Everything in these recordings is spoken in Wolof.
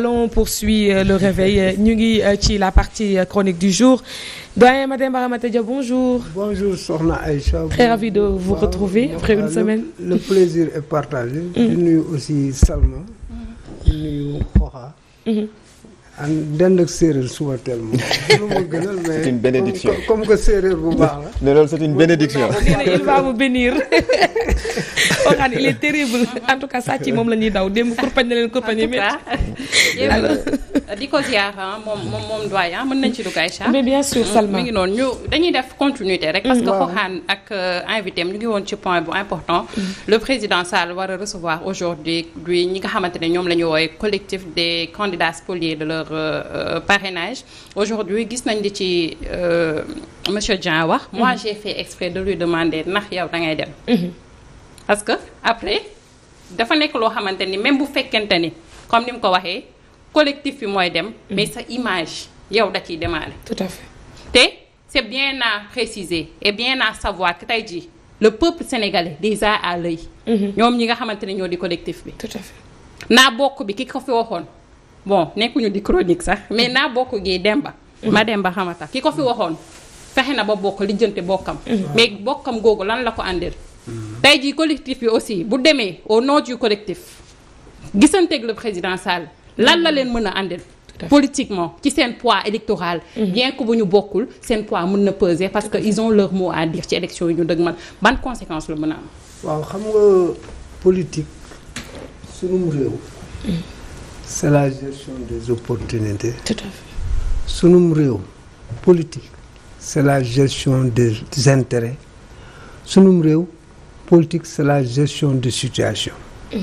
l'on poursuit euh, le réveil euh, ñu ngi euh, ci la partie chronique du jour doyen Mademba Ramata Dia bonjour. bonjour Sokhna Aïcha. très ravi de vous retrouver après une semaine. le plaisir est partagé. di mm-hmm. nuyu aussi Salma. di mm-hmm. nuyu Oxa. an dend ak séeréer suba teel moom. c'est une bénédiction comme que séeréer bu baax la. loolu c'est une bénédiction. il va vous bénir. il est terrible en tout cas sàcc moom la ñuy daw démb kurpañ na leen kurpañ di ko ziar ah, moom moom moom doyen ah, mën nañ ci dugg Aïcha. mais bien sûr mm, Salma mi ngi noonu ñu dañuy def continuité rek. parce que mm. Orhan ak euh, invité ñu ngi woon ci point bu important. Mm. le président Sall war a recevoir aujourd'hui ñi nga ne ñoom la ñu woowee collectif des leur euh, euh, aujourd'hui gis nañ di ci euh, monsieur Dieng wax mhm. mois mm -hmm. j'ai fait exprès de lui demander ndax yow da ngay dem mhm. parce que après dafa nekk loo xamante ni même bu fekkente ni comme ni mu ko waxee collectif bi mooy dem mhm. mais sa image yow da ciy demaale tout à te c'est bien à préciser et bien à savoir que tey jii le peuple sénégalais déjà à l'œil ñoom ñi nga xamante ne ñoo di collectif bi tout à naa bokk bi ki ko fi waxoon bon nekkuñu di chronique sax mais naa bokk gi dem ba ma dem ba xam Demba xamata ki ko fi waxoon fexe na ba bokk lijjante bokkam. mais bokkam googu lan la ko àndil. tey jii collectif bi aussi bu demee au nom du collectif gisanteeg le président Sall lan la leen mën a àndil. politiquement ci seen poids électoral. Mhm. bien que bu ñu bokkul seen poids mën na peser parce que ils ont leur mot à ci élection yi ñu dëgg man ban conséquence la mën a am. waaw xam nga politique c'est la gestion des opportunités. tout à fait sunum réew politique c'est la gestion des intérêts sunum réew politique c'est la gestion des situations. Mm.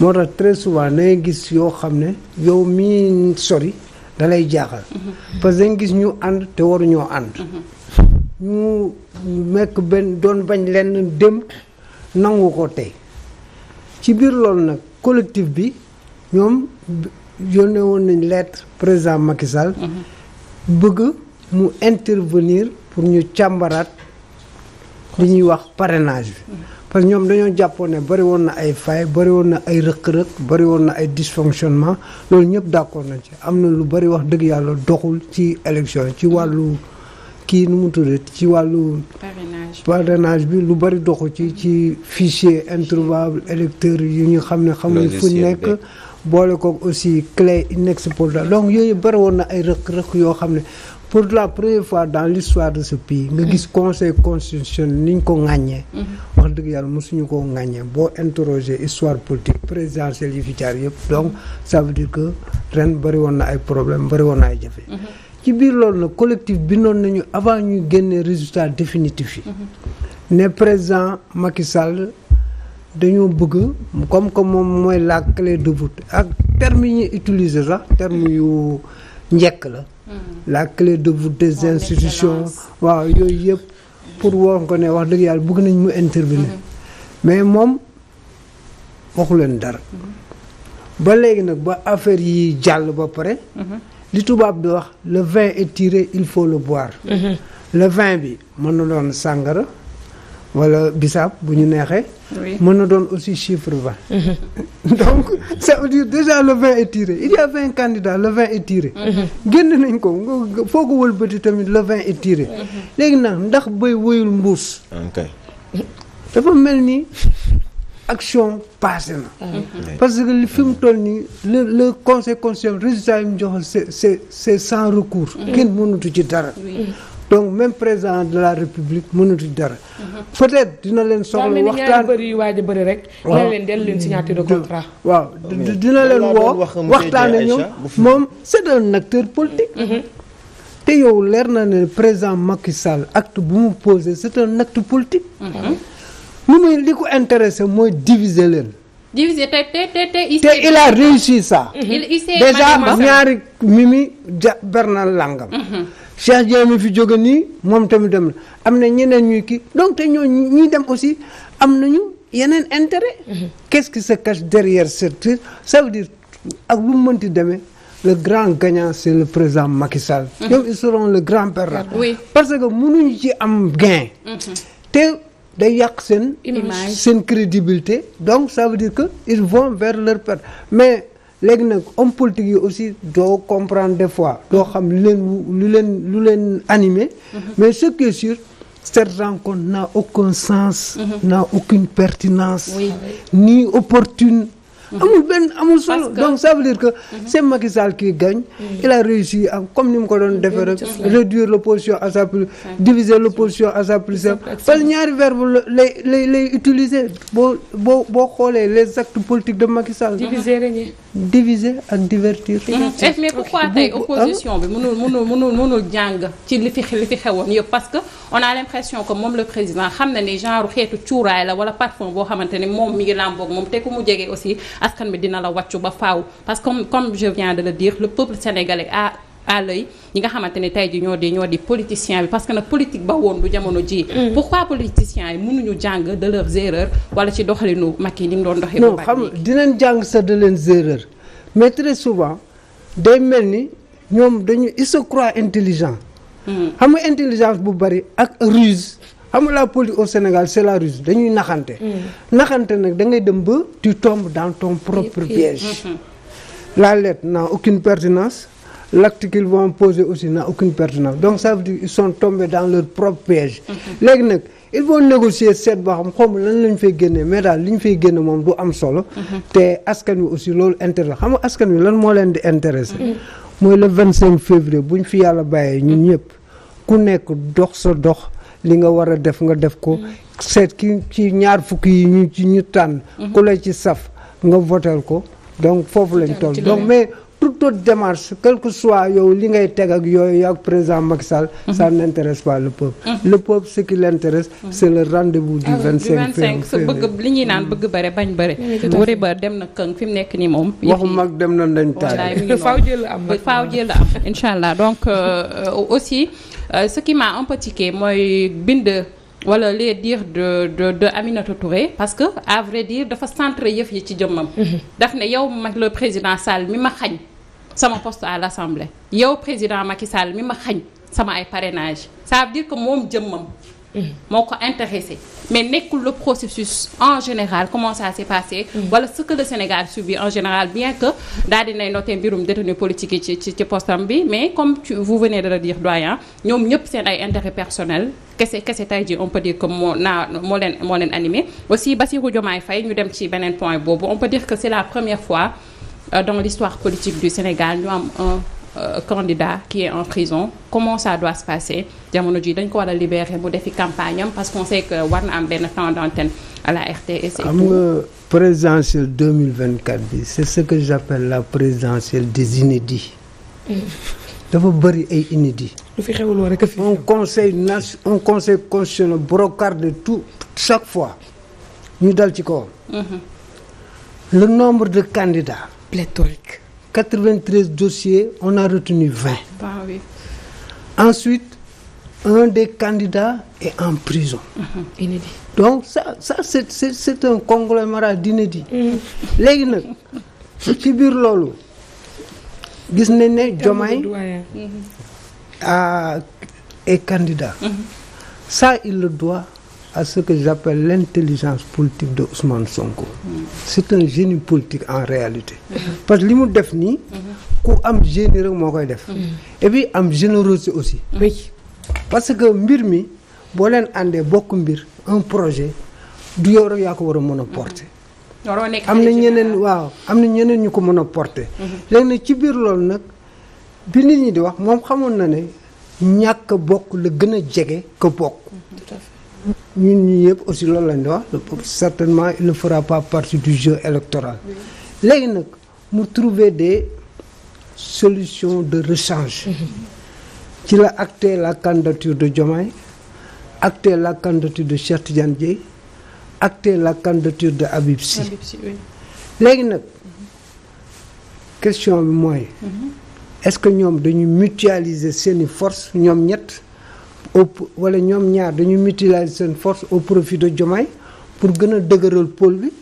moo tax très souvent dangay gis yoo xam ne yow mii sori dalay lay jaaxal. Mm-hmm. parce que gis ñu ànd te waruñoo ànd. Mm-hmm. ñu mekk benn doon bañ lenn dem nangu ko tey ci biir loolu nag collectif bi. ñoom yónnee woon nañ lettre présent Macky bëgg mu intervenir pour ñu càmbaraat di ñuy wax parenage bi. parce que ñoom dañoo jàppoon ne bari woon na ay fay bari woon na ay rëq-rëq bari woon na ay dysfonctionnement loolu ñëpp d'accord nañ ci am na lu bari wax dëgg yàlla doxul ci élection ci wàllu kii nu mu tuddee ci wàllu. parrainage bi lu bari doxul ci ci fichier introuvable électeur yi ñu xam ne. xamuñ fu nekk. boole ko aussi clé inexportable donc yooyu bëri woon na ay rëq-rëq yoo xam ne pour la fois dans l'histoire de ce pays nga gis mm. conseil constitutionnel ni ñu ko ŋàññee mm-hmm. wax dëgg yàlla mu suñu ko ŋàññee boo interroger histoire politique présidentielle yi fi jaar yëpp donc ça veut dire que ren bëri woon na ay problème bëri woon na ay jafe mm-hmm. ci biir loolu nag bi bindoon nañu avant ñuy génnee résultat définitif yi mm-hmm. ne président Macky Sall dañoo bëgg comme que moom mooy la clé de voûte ak terme yi utiliser sax terme yu njekk la hmm. la clé de voûte des institutions waaw yooyu yëpp pour woon ko ne wax dëgg yàlla bugg nañu mu intervenir hmm. mais moom waxu leen dara hmm. ba léegi nag ba affaire yi jàll ba pare li tubaab di wax le vin est il faut le boire le bi mën na doon sàngara wala bisaab bu ñu neexee. mën na doon aussi chiffre ba mhm. donc ça veut déjà le vingt est tiré il y a vingt candidats le vingt est mhm. génn nañ ko foo ko wëlbati tamit le vingt est mhm. léegi nag ndax bay woyul mbuus. dafa mel ni action passé na. parce que fi mu toll nii le le conseil constitutionnel résultat yi mu joxe c'est c'est sans recours. kenn mënatu ci dara. donc même président de la république mënatu dara. Mhm. peut-être dina leen soxla waxtaan bëri bëri rek. dina leen dellu leen signature de waaw dina leen woo waxtaan ak ñoom moom c'est nag acteur politique. Mhm. te yow leer na ne président Macky Sall acte bu mu posé c'est un acte politique. Mhm. mu muy li ko intéressé mooy diviser leen. diviser te te te te. te il a réussi ça. déjà ñaari Mimi ja Bernard Langam. Cheikh Dieng mi fi jóge nii moom tamit dem am na ñeneen ñuy kii donc te ñoo ñuy dem aussi am nañu yeneen intérêt. Mhm. qu'est-ce qui se derrière cette crise dire ak lu mu mënti demee le grand gagnant c'est le président Macky Sall. Mhm. ñoom ils seront le grand perdant. oui parce que mënuñu ci am gain. Mhm. te day yàq seen. image seen crédibilité donc ça veut dire que ils vont vers leur perte léegi nag om politique yi aussi doo comprendre des fois doo xam lu leen lu leen lu leen animé mhm. mais ce qui est sûr cette rencontre n'a aucun sens mhm. n'a aucune pertinence ni opportune amul benn amul solo donc ça veut que mhm. c'est Macky Sall qui gagne mhm. il a réussi à comme ni mu ko doon mhm. defee rek réduire l'opposition à sa plus diviser l'opposition à sa plus simple parce que ñaari verbe lay lay lay utiliser boo boo boo xoolee les actes politiques de Macky Sall diviser régner diviser ak divertir eh, mais pourquoi tey opposition bi mënul mënul mënul mënul jàng ci li fi li fi xewoon yëpp parce que on a l'impression que moom le président xam na ni genre xeetu cuuraay la wala parfum boo xamante ni moom mi ngi làmboog moom te ku mu jege aussi askan bi dina la wàccu ba faaw parce que comme comme je viens de le dire le peuple sénégalais a à ñi nga xamante ne tey ji ñoo di ñoo di politicien bi parce que nag politique ba woon du jamono ji mm. pourquoi politiciens yi mënuñu jàng de leurs erreurs wala ci doxalinu Macky ni mu doon doxee non xam dinañ jàng sa de leurs erreurs mais très souvent day mel ni ñoom dañu ils se croient intelligent mm. xam nga intelligence bu bari ak ruse xam nga la politique au Sénégal c'est la ruse dañuy naxante. Mm. naxante nag da ngay dem ba tu tombes dans ton propre piège. Mm-hmm. la lettre n'a aucune pertinence l'acte qu'ils vont poser aussi n'a aucune pertinence donc sa veut dire ils sont tombés dans leur propre piège. Mm-hmm. léegi nag ils vont négocier seet boo xam xaw ma lan lañ fay génnee mais daal li ñu fay génne moom du am solo. Mm-hmm. te askan wi aussi loolu intérêt xam nga askan wi lan moo leen di intéressé. mooy le 25 février bu ñu fi yàlla bàyyee ñun ñëpp ku nekk dox sa dox. li nga war a def nga def ko mm. seet ki ci ñaar fukki yi ñu ci ñu tànn mm-hmm. ku la ci saf nga votel ko donc foofu lañ toll donc mais toute autre démarche quel que soit yow li ngay teg ak yooyu ak présent Macky Sall mm-hmm. ça n'intéresse pas le peuple mm-hmm. le peuple ce qui l'intéresse c'est le rendez-vous du ah vingt cinq février sa li ñuy naan bëgg bëre bañ bëre wari ba dem na këng fi mu nekk nii moom waxu mag dem na dañ taal faaw jël am faaw jël am incha allah donc euh, aussi Euh, ce qui un peu mooy bind. wala les dires de de de Aminata parce que à vrai dafa centré yëf yi ci jëmmam. Mhm. daf ne yow mag le président Sall mi ma xañ sama poste à l'Assemblée yow président Macky Sall mi ma xañ sama ay parrainage ça veut dire moom jëmmam Mm-hmm. moo ko intéressé mais nekkul le processus en général comment ça s'est passé mm-hmm. wala ce Sénégal subit en général bien que daal dinay noté mbirum détenu politique yi ci ci ci postam bi mais comme vous venez de le dire doyen ñoom ñëpp seen ay intérêt personnel kese kese tay ji on peut dire que moo naa moo leen animé aussi Bassirou Diomaye Faye ñu dem ci beneen point boobu on peut dire que c'est la première fois euh, dans l'histoire politique du Sénégal ñu am Euh, candidat qui est en prison comment ça doit se passer jamono ji dañ ko war a libérer mu defi campagne parce qu'on sait que war na am benn temps d'antenne à la RTS. am nga présidentielle 2024 bi c'est ce que j'appelle la présidentielle des inédits. Mm. dafa bëri ay inédits. lu fi xewul un conseil nation un conseil constitutionnel brocarde tout chaque fois ñu dal ci kawam. Mm-hmm. le nombre de candidats. 93 dossiers, on a retenu 20. Bah, oui. Ensuite, un des candidats et en prison. Uh -huh. Donc ça, ça c'est un conglomérat d'inédit. Mm. léegi nag ci biir loolu gis nañ ne jomay est candidat. Uh il le doit à ce que j'appelle l'intelligence politique de Ousmane Sonko. c'est un génie politique en réalité. parce que li mu def nii. ku am génie rek moo koy def. et am générosité aussi. parce que mbir mi boo leen àndee bokk mbir un projet du yow yaa ko war a mën a porter. am na ñeneen waaw am na ñeneen ñu ko mën a porter. léegi ci biir loolu nag bi nit ñi di wax moom xamoon na ne ñàkk bokk la gën a jege. ko bokk. ñu ñi yëpp aussi loolu lañ di wax certainement il ne fera pas partie du jeu électoral léegi nag mu trouver des solution de rechange ci la acté la candidature de Diomaye acté la candidature de Cheikh Tidiane Dièye acté la candidature de Habib Sy léegi nag question bi mooy mhm. est-ce que ñoom dañuy mutualiser seeni force ñoom ñett au wala ñoom ñaar dañu mutualiser seen force au profit de Diomaye pour gën a dëgëral pôle bi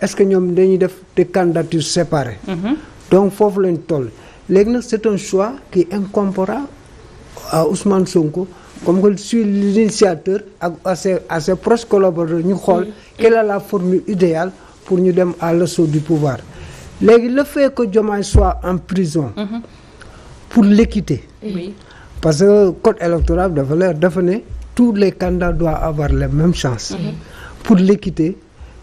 est-ce que ñoom dañuy def des candidatures séparées. Mhm. donc foofu lañ toll. léegi nag c'est un choix qui incombera à Ousmane Sonko comme que je suis l'initiateur ak à ses à ses ñu xool quelle la formule idéale pour ñu dem à l'assaut du pouvoir léegi le fait que Diomaye soit en prison. Mhm. pour l'équité. parce que code électoral dafa leer dafa ne tous les candidats doivent avoir les mêmes chances. Mhm. pour l'équité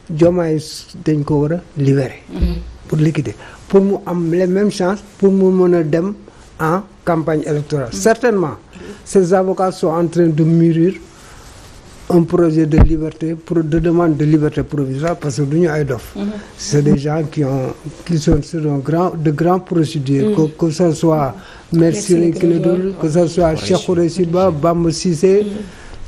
Diomaye dañ ko war a mhm. pour l'équité pour mu am les mêmes chances pour mu mën a dem en campagne électorale. Mhm. certainement ces avocats sont en train de mûrir un projet de liberté de demande de liberté provisoire parce que du ñu ay dof mhm. c'est des gens qui ont qui sont sur un grand de grandes procédures mhm. que que ce soit Maître Ciré Clédor que ce soit Cheikh Oureysid Ba Bamba Cissé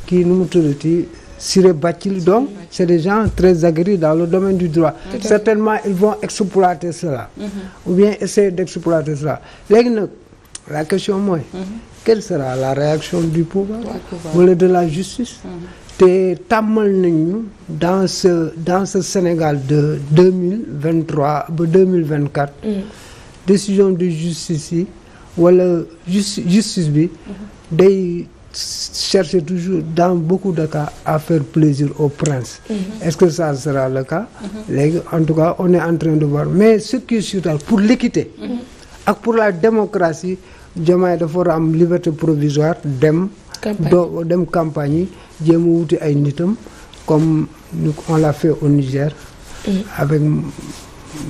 kii mhm. nu mu tuddati Ciré Bathily donc c'est des gens très aguerris dans le domaine du droit certainement ils vont exploiter cela ou bien essayer d'exploiter cela léegi nag la question mooy quelle sera la réaction du pouvoir wala de la justice te tàmmal nañu dans ce dans Sénégal de deux mille vingt ba deux mille vingt quatre. Mm. décision de justice yi wala justice bi. Mm-hmm. day chercher toujours dans beaucoup de cas à faire plaisir au prince. Mm-hmm. est-ce que ça sera le cas. Mm-hmm. léegi en tout cas on est en train de voir mais ce qui est pour l'équité ak pour la démocratie Diomaye dafa war a am liberté provisoire dem. doo dem campagne yi jéem a wuti ay nitam comme on l'a fait au Niger mm. avec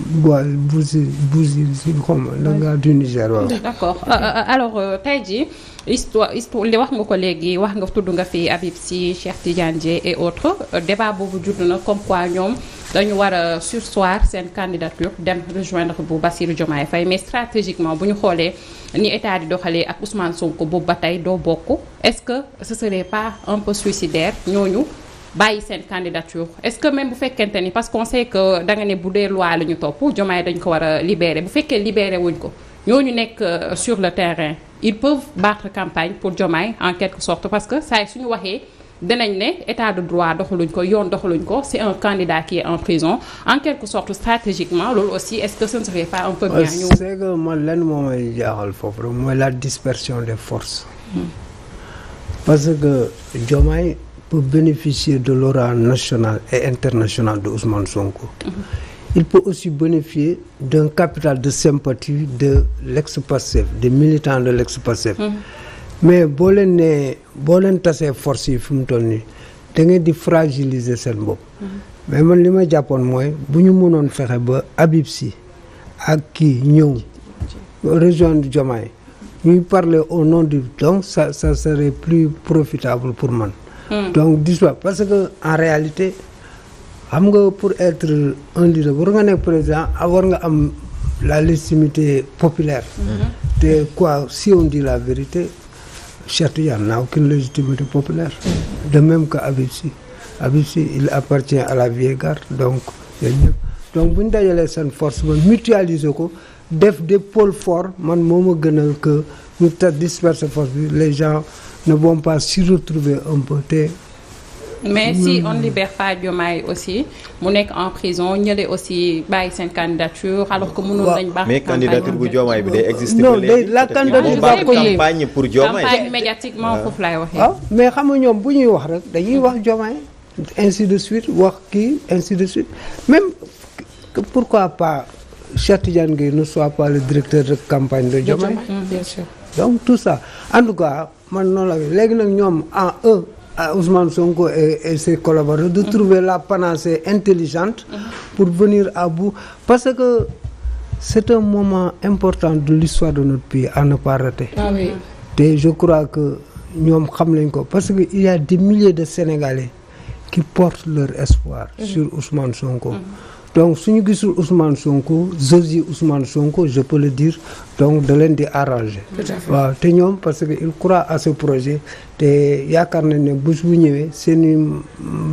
boise Bouzy Bouzy xawma langa du Niger euh, euh, euh, tey jii histoire histoire li wax nga ko léegi wax nga tudd nga fi Habib Sy Cheikh Tidiane Dièye et autres débat boobu judd na comme quoi ñoom dañu war a surseoir seen candidature dem rejoindre bu Bassirou Diomaye fay mais stratégiquement bu ñu xoolee ni état di doxalee ak Ousmane Sonko boobu ba tey doo bokk est-ce que ce serait pas un peu suicidaire ñooñu. bàyyi seen candidature est-ce que même bu fekkente ni parce qu'on sait que da nga ne bu dee loi la topp Diomaye dañ ko war a libérer bu fekkee libérer wuñ ko ñooñu nekk euh, sur le terrain ils peuvent battre campagne pour Diomaye en quelque sorte parce que saa suñu waxee danañ ne état de droit doxaluñ ko yoon doxaluñ ko c'est un candidat qui est en prison en quelque sorte stratégiquement loolu aussi est-ce que pas un peu bien euh, lenn moo may jaaxal foofu rek des forces hmm. peut bénéficier de l'aura national et international de Ousmane Sonko. Mmh. Il peut aussi bénéficier d'un capital de sympathie de l'ex-Pastef, des militants de l'ex-Pastef. mais boo leen nee boo leen tasee force yi fi mu toll nii da ngeen di fragiliser seen bopp. mais man li ma jàppoon mooy bu ñu mënoon fexe ba Habib si ak kii ñëw région rejoindre Diomaye ñuy parler au nom du donc ça ça serait plus profitable pour man. Hmm. donc soi parce que en réalité xam nga pour être un leader war nga nekk président war nga am la légitimité populaire. Hmm. te quoi si on dit la vérité Cheikh Tidiane n'a aucune légitimité populaire. Hmm. de même que Habib Sy Habib Sy il appartient à la vieille garde donc yooyu ñëpp donc bu ñu dajalee seen force ba mutualiser ko def des pôles fort man moo ma gënal que. pour te disperser force bi les gens ne vont te mais hmm. si on ne libère pas aussi mu nekk en prison ñële aussi bàyyi seen candidature alors que mënoon nañ baax mais candidature bu Diomaye bi day exister ba ko pour Diomaye campagne médiatiquement ah. foofu laay ah, mais xam nga ñoom bu ñuy wax rek dañuy wax Diomaye ainsi de suite wax kii ainsi de suite même pourquoi pas Cheikh ngi Gueye ne soit pas le directeur de campagne de Diomaye donc tout ça en tout cas man noonu la léegi nag ñoom en eux Ousmane Sonko et, et ses collaborateurs de mm-hmm. trouver la panacée intelligente mm-hmm. pour venir à bout parce que c'est un moment important de l'histoire de notre pays à ne pas ah te je crois que ñoom xam nañ ko parce que il y a des milliers de Sénégalais qui portent leur espoir mm -hmm. sur Ousmane Sonko mm-hmm. donc suñu gisul Ousmane Sonko jausi Ousmane Sonko je peux le dire donc da leen di arranger waaw te ñoom parce que il croit à ce projet te yaakaar nañ ne bés bu ñëwee seen i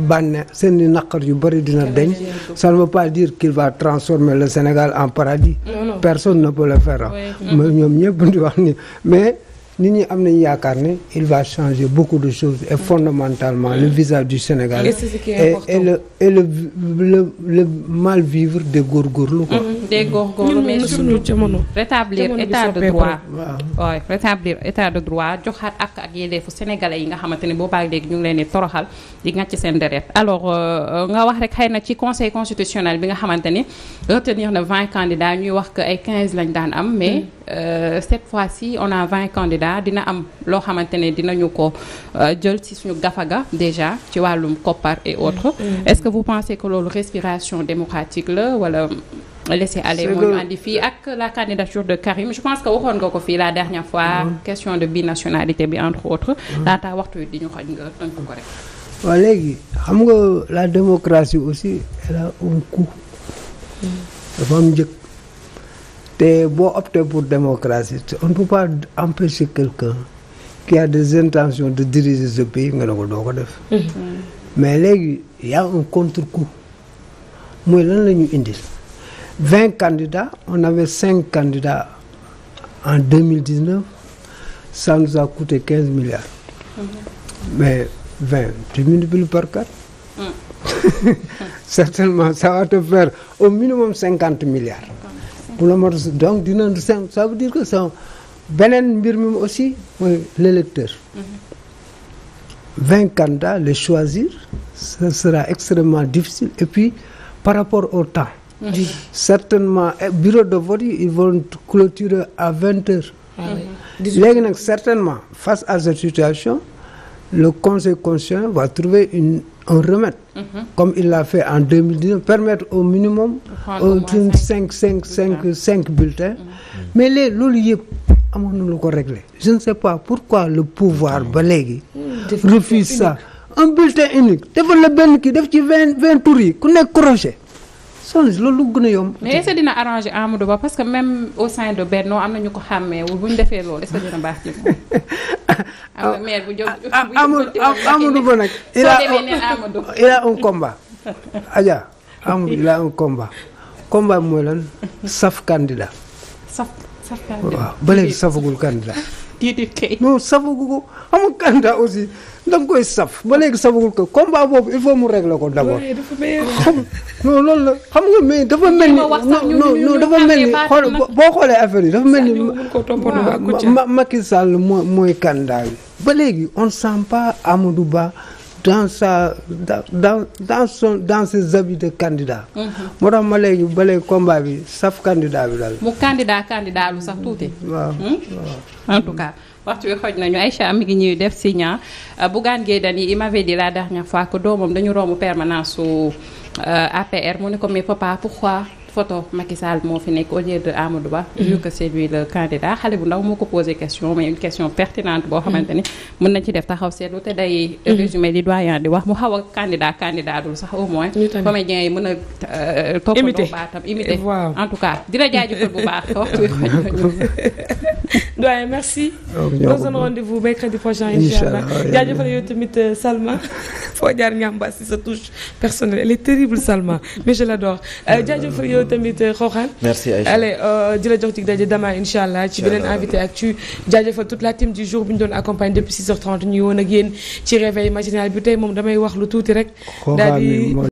bànne seen i naqar yu bëri dina deñ ça pas dire qu'il va transformer le Sénégal en paradis non, non. personne ne peut le faire mais ñoom ñëpp di wax ni mais nit ñi am nañu yaakaar ne il va changer beaucoup de choses et fondamentalement le visage du Sénégal. et et le et le le le mal vivre des góorgóorlu quoi. Mm-hmm. des góorgóorlu mais suñu jamono. rétablir état de rétablir état de droit joxaat ak ak yelleefu sénégalais yi nga xamante ne boobaak léegi ñu ngi leen di toroxal yi ngàcc seen deret alors euh, euh, nga wax rek xëy na ci conseil constitutionnel bi nga xamante ni retenir na vingt candidats ñuy wax que ay quinze lañ daan am mais mm. euh, cette fois-ci on a vingt candidats. candidat dina am loo xamante ne ñu ko euh, jël ci suñu gafaga déjà ci wàllum koppar et autres mm, mm. est-ce que vous pensez que loolu respiration démocratique la wala laisser aller moo ñu fii ak la candidature de Karim je pense que waxoon nga ko fii la dernière fois mm. question de binationalité bi entre autres laataa waxtu wi di ñu xoj nga tënk ko rek waaw léegi xam nga la démocratie aussi elle un coût dafa am njëkk te boo opté pour démocratie on ne peut pas empêcher quelqu'un qui a des intentions de diriger ce pays nga ne ko doo ko def mm-hmm. mais léegi y un contre-coup mooy lan la ñu indil vingt candidats on avait cinq candidats en deux mille dix neuf ça nous quinze milliards mmh. mais vingt tu multiplies par quatre mm. certainement ça va te au minimum cinquante milliards bu la mot donc dina simple ça veut dire que son beneen mbir mi aussi mooy l'électeur vingt candidats les choisir ce sera extrêmement difficile et puis par rapport au temps mmh. certainement eh, bureau de vote yi ils vont clôturer à vingt heures ah léegi nag certainement face à cette situation le conséquence constitutionnel va trouver une, un mhm. comme il l'a fait en deux mille 2019, permettre au minimum au cinq cinq cinq cinq bulletins. Mhm. Mais les l'OLIEP, je ne sais pas pourquoi le pouvoir balégui mhm. refuse ça. Un bulletin unique, devant le ben qui, devant 20 tours, ku est crochet. soxna si loolu lu gën a yomb. mais est-ce que dina arranger Amadou Ba parce que même au sein de Benno am na ñu ko xàmmeewul bu ñu defee loolu est-ce am na maire bu jóg ah, ah, Amadou Amadou Ba nag. soo demee ne combat. combat. mooy lan saf candidat. saf saf candidat waaw ba ko amul candidat aussi. da nga koy saf ba léegi safagul ko combat boobu il faut mu régler ko d' abord. non loolu la xam nga mais dafa mel ni. dafa mel ni boo xoolee affaire yi dafa mel ni. ma Macky Sall mooy mooy candidat bi. ba léegi on ne sent pas Ba dans sa dans dans son dans ses de candidat. Mhm. moo tax ma léegi ba léegi combat bi saf candidat bi daal. mu candidat candidat lu sax tuuti. Hmm? waxtu wi xoj nañu Aïcha mi ngi ñuy def signa euh, Bougane Gueye Dany il m'avait dit la dernière fois que doomam dañu romb permanence su euh, APR mu ne ko mais papa pourquoi photo Macky Sall moo fi nekk au de Amadou Ba mhm. vu que c'est lui le candidat xale bu ndaw moo ko posé question mais une question pertinente boo xamante ni mhm. mën na ci def taxaw seetlu te day mhm. résumé li doyen di wax mu xaw a candidat candidat dul sax au moins comédiens yi mën a euh, toppandoo baatam imité en tout cas dina jaajëfal doyen merci. nous donne rendez-vous mercredi prochain incha allah jaajëfal yow tamit euh, Salma foo jaar ñamba si sa touche personnelle elle est terrible Salma mais je l'adore euh, euh, jaajëfal yow tamit Xooxaan. merci Aïcha allez di la jox dig daje dama incha allah ci beneen invité ak ci jaajëfal toute la team du jour bu ñu doon accompagné depuis 6h30 ñu woon ak yéen ci réveil matinal bi tey moom damay wax lu tuuti rek. daal